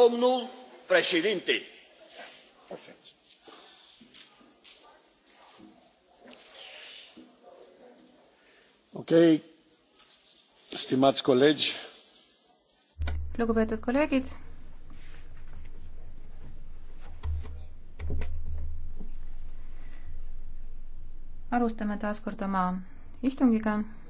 domnul președinte okay. stimați colegi lugupeetud kolleegid alustame taas kord oma istungiga.